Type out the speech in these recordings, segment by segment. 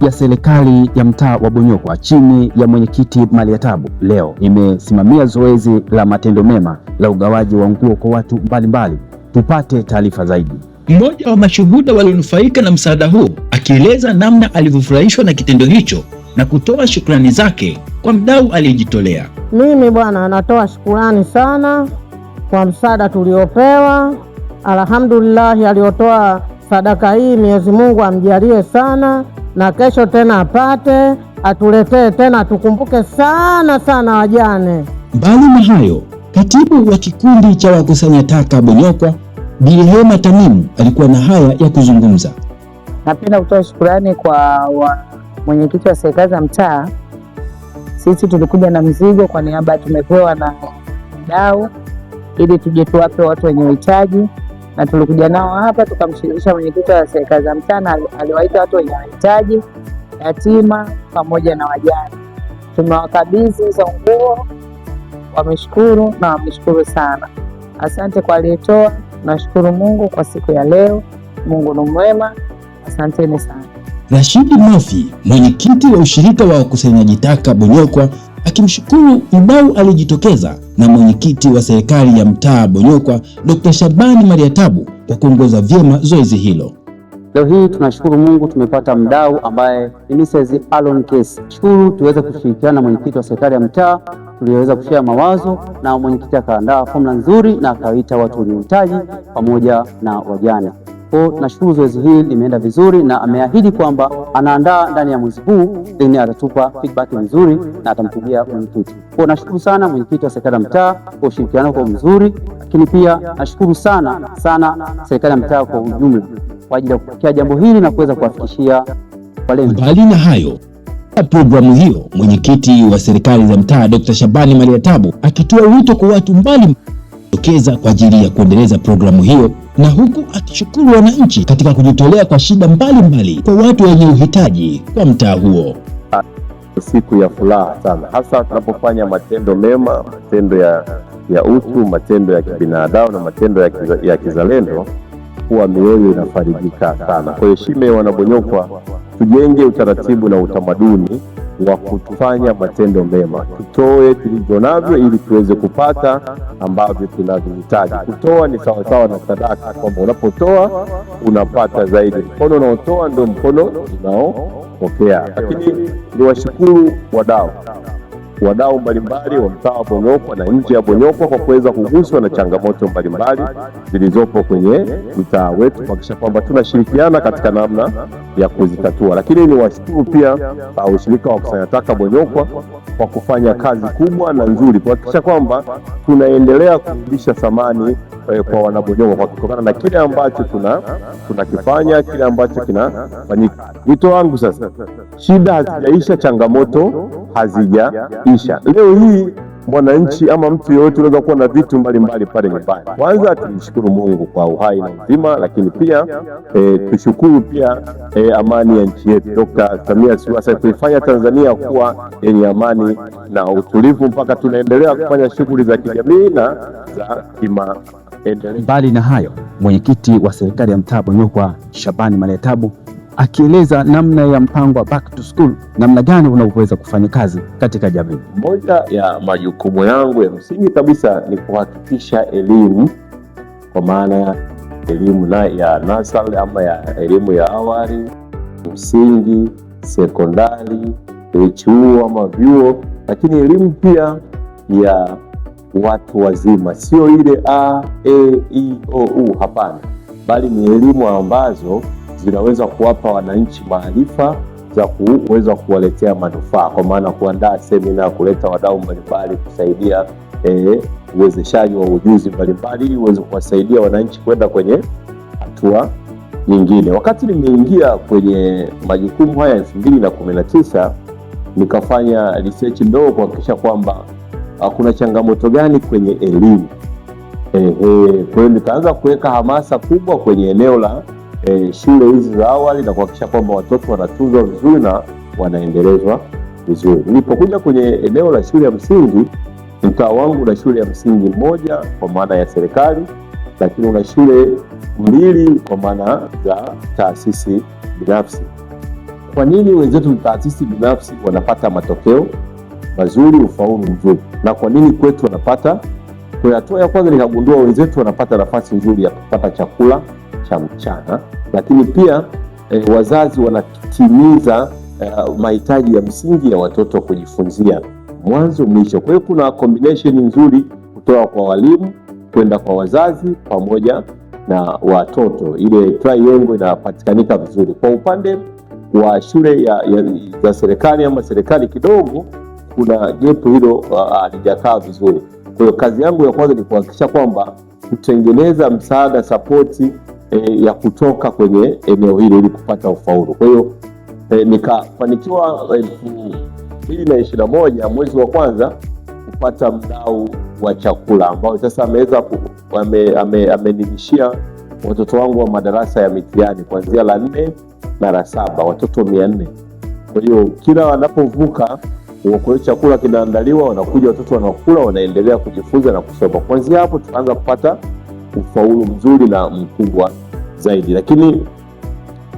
ya serikali ya mtaa wa Bonyokwa chini ya mwenyekiti Maliatabu leo imesimamia zoezi la matendo mema la ugawaji wa nguo kwa watu mbalimbali. Tupate taarifa zaidi. Mmoja wa mashuhuda walionufaika na msaada huo akieleza namna alivyofurahishwa na kitendo hicho na kutoa shukrani zake kwa mdau aliyejitolea. Mimi bwana, natoa shukurani sana kwa msaada tuliopewa. Alhamdulillahi, aliotoa sadaka hii Mwenyezi Mungu amjalie sana, na kesho tena apate atuletee tena, tukumbuke sana sana wajane. Mbali na hayo, katibu wa kikundi cha wakusanya taka Bonyokwa Bilhema Tamimu alikuwa na haya ya kuzungumza. Napenda kutoa shukurani kwa mwenyekiti wa serikali za mtaa. Sisi tulikuja na mzigo kwa niaba tumepewa na dau, ili tuje tuwape watu wenye uhitaji na tulikuja nao hapa tukamshirikisha mwenyekiti wa serikali za mtaa, aliwaita watu wenye mahitaji, yatima pamoja na wajane. Tumewakabidhi hizo nguo, wameshukuru na wameshukuru sana. Asante kwa aliyetoa. Nashukuru Mungu kwa siku ya leo. Mungu ni mwema, asanteni sana. Rashidi Mafi, mwenyekiti wa ushirika wa wakusanyaji taka Bonyokwa, akimshukuru mdau alijitokeza na mwenyekiti wa serikali ya mtaa Bonyokwa Dr. Shabani Mariatabu kwa kuongoza vyema zoezi hilo. Leo hii tunashukuru Mungu tumepata mdau ambaye ni Mrs. Alon Kesi. Shukuru tuweze kushirikiana na mwenyekiti wa serikali ya mtaa, tuliweza kushia mawazo na mwenyekiti akaandaa fomula nzuri na akawaita watu wenye uhitaji pamoja na wajana. Kwa nashukuru zoezi hili limeenda vizuri, na ameahidi kwamba anaandaa ndani ya mwezi huu, then atatupa feedback nzuri na atampigia mwenyekiti. Kwa nashukuru sana mwenyekiti wa serikali ya mtaa kwa ushirikiano kwa mzuri, lakini pia nashukuru sana sana serikali ya mtaa kwa ujumla kwa ajili ya kupokea jambo hili na kuweza kuwafikishia wale. Mbali na hayo programu hiyo, mwenyekiti wa serikali za mtaa Dr. Shabani maliatabu akitoa wito kwa watu mbali kujitokeza kwa ajili ya kuendeleza programu hiyo na huku akishukuru wananchi katika kujitolea kwa shida mbalimbali kwa watu wenye uhitaji kwa mtaa huo. Siku ya furaha sana, hasa tunapofanya matendo mema, matendo ya, ya utu, matendo ya kibinadamu na matendo ya, kiza, ya kizalendo, huwa mioyo inafarijika sana. Kwa heshima Shime, Wanabonyokwa, tujenge utaratibu na utamaduni wa kufanya matendo mema. Tutoe tulivyo navyo ili tuweze kupata ambavyo tunavyohitaji. Kutoa ni sawasawa na sadaka, kwamba unapotoa unapata zaidi. Mkono unaotoa ndio mkono unaopokea. Lakini ni washukuru wadau wadau mbalimbali wa mtaa wa Bonyokwa na nje ya Bonyokwa kwa kuweza kuguswa na changamoto mbalimbali zilizopo kwenye mtaa wetu, kuhakikisha kwamba tunashirikiana katika namna ya kuzitatua. Lakini ni washukuru pia uh, ushirika wa kusanya taka Bonyokwa kwa kufanya kazi kubwa na nzuri kuhakikisha kwamba tunaendelea kurudisha thamani eh, kwa wanabonyongo kwa kutokana na kile ambacho tuna tunakifanya kile ambacho kinafanyika. Wito wangu sasa, shida hazijaisha, changamoto hazijaisha. Leo hii mwananchi ama mtu yoyote unaweza kuwa na vitu mbalimbali pale nyumbani. Kwanza tumshukuru Mungu kwa uhai na uzima, lakini pia e, tushukuru pia e, amani ya nchi yetu. doka Samia Suluhu Hassan kuifanya Tanzania kuwa yenye amani na utulivu mpaka tunaendelea kufanya shughuli za kijamii na za kima mbali na hayo, mwenyekiti wa serikali ya mtaa Bonyokwa Shabani Maletabu akieleza namna ya mpango wa back to school, namna gani unavyoweza kufanya kazi katika jamii. Moja ya majukumu yangu ya msingi kabisa ni kuhakikisha elimu kwa maana ya elimu na ya nasari ama ya elimu ya awali, msingi, sekondari, chuo ama vyuo, lakini elimu pia ya watu wazima, sio ile a e i o u, hapana, bali ni elimu ambazo zinaweza kuwapa wananchi maarifa za kuweza kuwaletea manufaa, kwa maana kuandaa semina, kuleta wadau mbalimbali, kusaidia e, uwezeshaji wa ujuzi mbalimbali, ili uweze kuwasaidia wananchi kwenda kwenye hatua nyingine. Wakati nimeingia kwenye majukumu haya elfu mbili na kumi na tisa nikafanya research ndogo kuhakikisha kwamba ah, kuna changamoto gani kwenye elimu. Eh, eh, kwa hiyo nikaanza kuweka hamasa kubwa kwenye eneo la e, shule hizi za awali na kuhakikisha kwamba watoto wanatunzwa vizuri na wanaendelezwa vizuri. Nilipokuja kwenye eneo la shule ya msingi, mtaa wangu una shule ya msingi moja kwa maana ya serikali, lakini una shule mbili kwa maana za taasisi binafsi. Kwa nini wenzetu taasisi binafsi wanapata matokeo mazuri, ufaulu mzuri, na kwa nini kwetu wanapata? Kwa hatua ya kwanza nikagundua wenzetu wanapata nafasi nzuri ya kupata chakula cha mchana, lakini pia e, wazazi wanatimiza uh, mahitaji ya msingi ya watoto kujifunzia mwanzo mwisho. Kwa hiyo kuna combination nzuri kutoka kwa walimu kwenda kwa wazazi pamoja na watoto, ile triangle inapatikanika vizuri. Kwa upande wa shule ya, ya, za serikali ama serikali kidogo kuna gepu hilo ah, halijakaa uh, vizuri. Kwa hiyo kazi yangu ya kwanza ni kuhakikisha kwamba kutengeneza msaada sapoti e, ya kutoka kwenye eneo hilo ili kupata ufaulu. Kwa hiyo e, nikafanikiwa elfu mbili na ishirini na moja mwezi wa kwanza kupata mdau wa chakula ambao sasa ameweza ameninishia ame, ame watoto wangu wa madarasa ya mitihani kuanzia la nne na la saba watoto mia nne. Kwa hiyo kila wanapovuka kwa chakula kinaandaliwa, wanakuja watoto wanakula, wanaendelea kujifunza na kusoma. Kuanzia hapo tukaanza kupata ufaulu mzuri na mkubwa zaidi. Lakini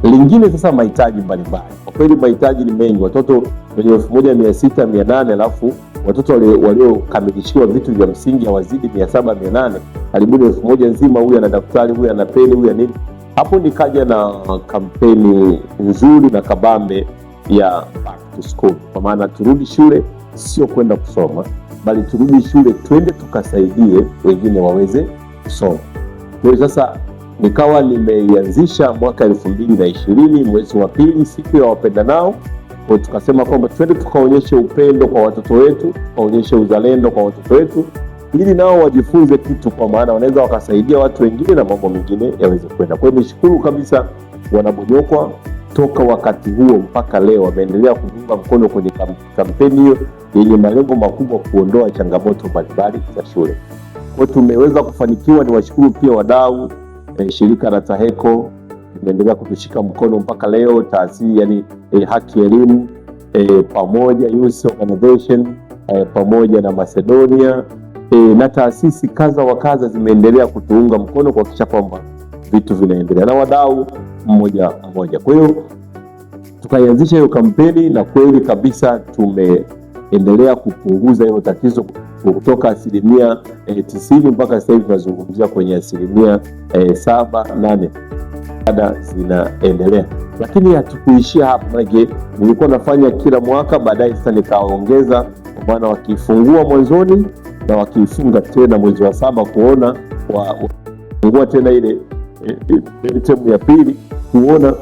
lingine sasa, mahitaji mbalimbali. Kwa kweli mahitaji ni mengi, watoto wenye elfu moja mia sita mia nane alafu watoto waliokamilishiwa vitu vya msingi hawazidi mia saba mia nane karibuni elfu moja nzima. Huyu ana daftari, huyu ana peni, huyu nini. Hapo nikaja na kampeni nzuri na kabambe ya back to school, kwa maana turudi shule, sio kwenda kusoma, bali turudi shule, twende tukasaidie wengine waweze So Kwa hiyo sasa nikawa nimeianzisha mwaka elfu mbili na ishirini mwezi wa pili, siku ya nao, Kwa tukasema kwamba twende tukaonyeshe upendo kwa watoto wetu, tukaonyeshe uzalendo kwa watoto wetu ili nao wajifunze kitu, kwa maana wanaweza wakasaidia watu wengine na mambo mengine yaweze kwenda. Kwa hiyo nishukuru kabisa Wanabonyokwa, toka wakati huo mpaka leo wameendelea kuunga mkono kwenye kampeni hiyo yenye malengo makubwa, kuondoa changamoto mbalimbali za shule kwa tumeweza kufanikiwa. Ni washukuru pia wadau e, shirika la TAHECO imeendelea kutushika mkono mpaka leo, taasisi yani e, haki elimu e, pamoja Youth Organization e, pamoja na Macedonia e, na taasisi kadha wa kadha zimeendelea kutuunga mkono kuhakikisha kwamba vitu vinaendelea na wadau mmoja mmoja. Kwa hiyo tukaianzisha hiyo kampeni na kweli kabisa tumeendelea kupunguza hilo tatizo kutoka asilimia e, tisini mpaka sasa hivi tunazungumzia kwenye asilimia e, saba nane ada zinaendelea, lakini hatukuishia hapo, manake nilikuwa nafanya kila mwaka, baadaye sasa nikaongeza, kwa maana wakifungua mwanzoni na wakiifunga tena mwezi wa saba, kuona wafungua tena ile eh, temu ya pili, kuona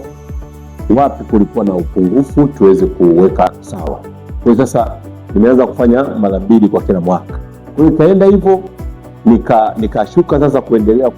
wapi kulikuwa na upungufu tuweze kuweka sawa. Kwa sasa nimeanza kufanya mara mbili kwa kila mwaka. Kwa hiyo ikaenda hivyo nikashuka nika sasa kuendelea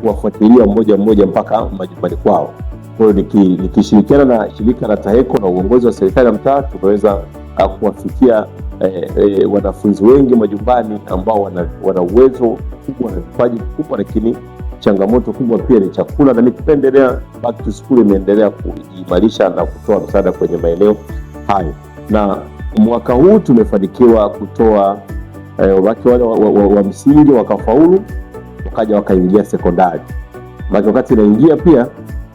kuwafuatilia mmoja mmoja mpaka majumbani kwao. Kwa hiyo nikishirikiana na shirika la TAHECO na uongozi wa serikali ya mtaa tumeweza ah, kuwafikia eh, eh, wanafunzi wengi majumbani ambao wana, uwezo kubwa na vipaji vikubwa, lakini changamoto kubwa pia ni chakula, na nikipendelea back to school imeendelea kuimarisha na kutoa msaada kwenye maeneo hayo na Mwaka huu tumefanikiwa kutoa eh, wake wale wa, wa, wa, msingi wakafaulu, wakaja wakaingia sekondari. Maana wakati inaingia pia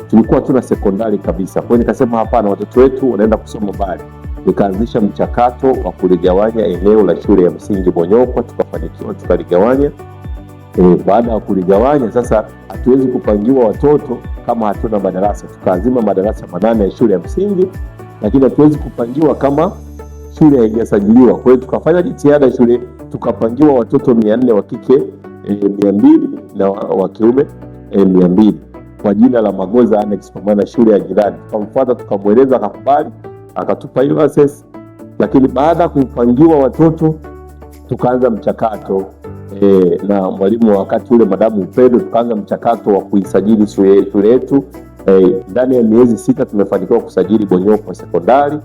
tulikuwa tuna sekondari kabisa. Kwa hiyo nikasema hapana, watoto wetu wanaenda kusoma mbali. Nikaanzisha mchakato wa kuligawanya eneo la shule ya msingi Bonyokwa, tukafanikiwa tukaligawanya. E, baada ya kuligawanya sasa, hatuwezi kupangiwa watoto kama hatuna madarasa. Tukaazima madarasa manane ya shule ya msingi, lakini hatuwezi kupangiwa kama shule haijasajiliwa. Kwa hiyo tukafanya jitihada shule, tukapangiwa watoto mia nne wa kike e, mia mbili na wa kiume e, mia mbili kwa jina la Magoza Annex, maana shule ya jirani. Tukamfuata, tukamweleza, akakubali, akatupa hiyo access. Lakini baada ya kupangiwa watoto tukaanza mchakato e, na mwalimu wa wakati ule madamu Upendo, tukaanza mchakato wa kuisajili shule yetu. E, ndani ya miezi sita tumefanikiwa kusajili Bonyokwa sekondari.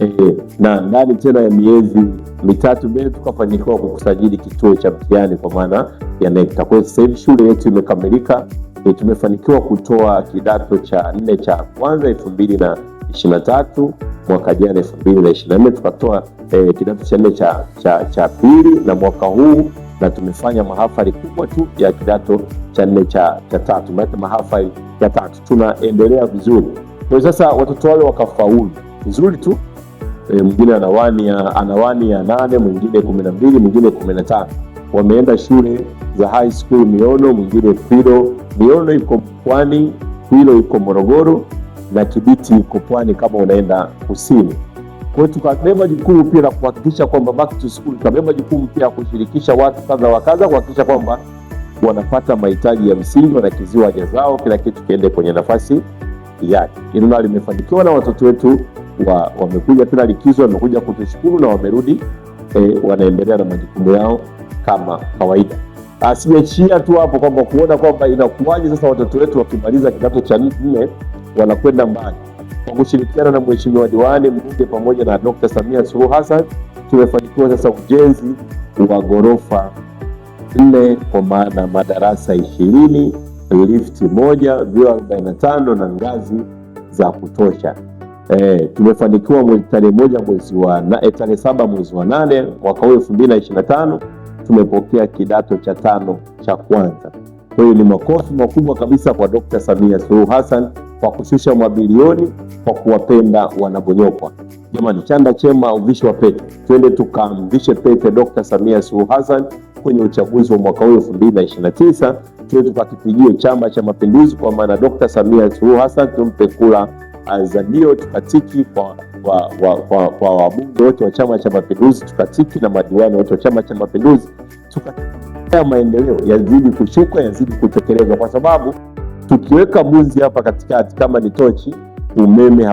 Eh, na ndani tena ya miezi mitatu mbele tukafanikiwa kukusajili kituo cha mtihani kwa maana ya NECTA. Kwa hiyo sasa hivi shule yetu imekamilika, e, tumefanikiwa kutoa kidato cha nne cha kwanza elfu mbili na ishirini na tatu mwaka jana elfu mbili na ishirini na nne tukatoa e, kidato cha nne cha, cha, cha pili na mwaka huu na tumefanya mahafali kubwa tu ya kidato cha nne cha, cha tatu maana mahafali ya tatu tunaendelea vizuri. Kwa hiyo sasa watoto wale wakafaulu vizuri tu e, mwingine ana wani ya, ana wani ya nane, mwingine kumi na mbili, mwingine kumi na tano. Wameenda shule za high school Miono, mwingine Kwiro. Miono iko Pwani, Kwiro iko Morogoro na Kibiti iko Pwani kama unaenda kusini. Kwa hiyo tukabeba jukumu pia la kuhakikisha kwamba back to school, tukabeba jukumu pia kushirikisha watu kadha wa kadha kuhakikisha kwamba wanapata mahitaji ya msingi, wanakiziwa haja zao, kila kitu kiende kwenye nafasi yake. Hilo nalo limefanikiwa na watoto wetu wa, wamekuja tena likizo, wamekuja kutushukuru na wamerudi e, wanaendelea na majukumu yao kama kawaida. asiachia ah, tu hapo kwamba kuona kwamba inakuwaje sasa watoto wetu wakimaliza kidato cha nne wanakwenda mbali. Kwa kushirikiana na Mheshimiwa Diwani, mbunge pamoja na Dr. Samia Suluhu Hassan tumefanikiwa sasa ujenzi wa ghorofa nne kwa maana madarasa ishirini, lifti moja, vyoo 45 na ngazi za kutosha. Eh, tumefanikiwa tarehe moja mwezi wa eh, tarehe saba mwezi wa nane mwaka huu elfu mbili na ishirini na tano tumepokea kidato cha tano cha kwanza. Kwa hiyo ni makofi makubwa kabisa kwa Dkt. Samia Suluhu Hassan kwa kushusha mabilioni kwa kuwapenda wanabonyokwa. Jamani, chanda chema uvishi wa pete, twende tukamvishe pete Dkt. Samia Suluhu Hassan kwenye uchaguzi wa mwaka huu 2029, twende tukakipigie Chama cha Mapinduzi, kwa maana Dkt. Samia Suluhu Hassan tumpe kula Azimio tukatiki kwa kwa wabunge wote wa Chama cha Mapinduzi, tukatiki na madiwani wote wa Chama cha Mapinduzi, tukaa maendeleo yazidi kushuka, yazidi kutekelezwa, kwa sababu tukiweka bunzi hapa katikati kama ni tochi, umeme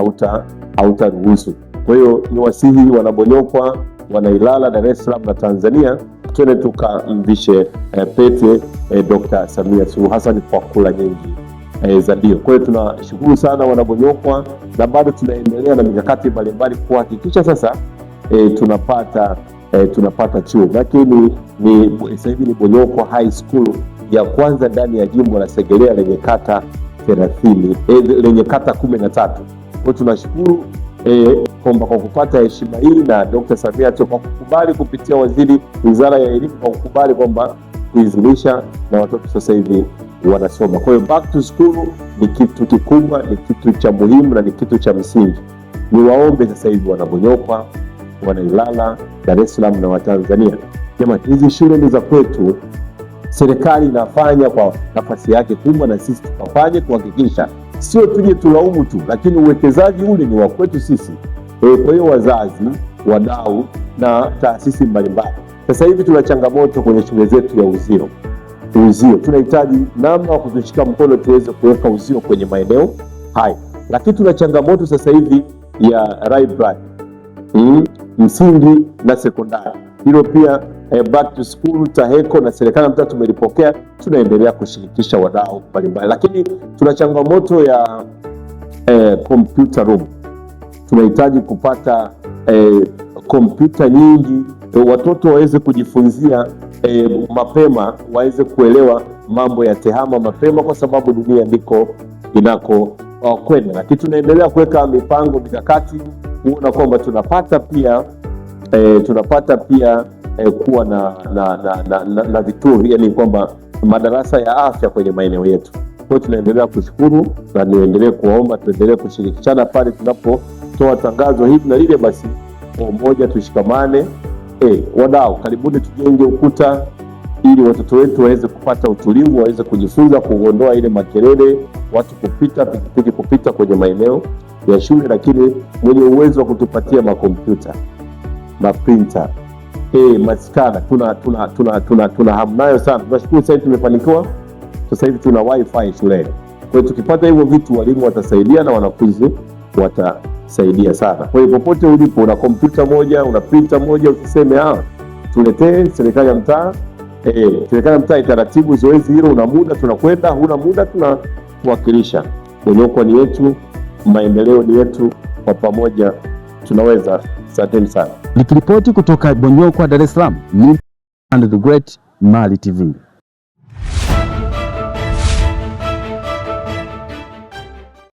hautaruhusu Kwa hiyo ni wasihi wanabonyokwa, wanailala, Dar es Salaam na Tanzania, twende tukamvishe eh, pete eh, Dr. Samia Suluhu Hassan kwa kula nyingi e, za mbio Kwa hiyo tunashukuru sana wanabonyokwa, na bado tunaendelea na mikakati mbalimbali kuhakikisha sasa e, tunapata e, tunapata chuo, lakini sasa hivi ni Bonyokwa High School ya kwanza ndani ya jimbo la Segerea lenye kata thelathini e, lenye kata kumi na tatu. Kwa hiyo tunashukuru e, kwamba kwa kupata heshima hii na Dr. Samia kwa kukubali kupitia waziri wizara ya elimu kwa kukubali kwamba kuizulisha na watoto sasa hivi wanasoma. Kwa hiyo back to school ni kitu kikubwa, ni kitu cha muhimu na ni kitu cha msingi. Niwaombe sasa hivi wanagonyokwa wanailala Dar es Salaam na Watanzania, jamani, hizi shule ni za kwetu. Serikali inafanya kwa nafasi yake kubwa, na sisi tukafanye kuhakikisha, sio tuje tulaumu tu, lakini uwekezaji ule ni wa kwetu sisi. E, kwa hiyo wazazi, wadau na taasisi mbalimbali, sasa hivi tuna changamoto kwenye shule zetu ya uzio tuuzie. Tunahitaji namna wa kutushika mkono tuweze kuweka uzio kwenye maeneo haya, lakini tuna changamoto sasa hivi ya library mm, msingi na sekondari. Hilo pia eh, back to school taheko na serikali mtaa tumelipokea, tunaendelea kushirikisha wadau mbalimbali, lakini tuna changamoto ya eh, computer room tunahitaji kupata eh, kompyuta nyingi, watoto waweze kujifunzia e, mapema waweze kuelewa mambo ya tehama mapema, kwa sababu dunia ndiko inako uh, kwenda, lakini tunaendelea kuweka mipango mikakati kuona kwamba tunapata pia e, tunapata pia e, kuwa na na, na, na, na, na vituo yani kwamba madarasa ya afya kwenye maeneo yetu. Kwa hiyo tunaendelea kushukuru na niendelee kuwaomba tuendelee kushirikishana pale tunapotoa tangazo hili na lile basi umoja, tushikamane. Hey, eh, wadau, karibuni tujenge ukuta ili watoto wetu waweze kupata utulivu, waweze kujifunza kuondoa ile makelele, watu kupita, pikipiki kupita kwenye maeneo ya shule, lakini mwenye uwezo wa kutupatia makompyuta, maprinta hey, eh, maskana tuna, tuna, tuna, tuna, tuna hamu nayo sana. Tunashukuru sasa hivi tumefanikiwa, sasa hivi tuna wifi shuleni. Kwa hiyo tukipata hivyo vitu, walimu watasaidia na wanafunzi wata saidia sana. Kwa hiyo popote ulipo, una kompyuta moja, una printa moja, usiseme ah, tuletee serikali ya mtaa eh, eh, serikali ya mtaa itaratibu zoezi hilo. Una muda, tunakwenda. Huna muda, tunawakilisha. Unyokwa ni wetu, maendeleo ni yetu, kwa pamoja tunaweza. Asanteni sana. Nikiripoti kutoka Bonyokwa, Dar es Salaam, ni and the Great Mali TV.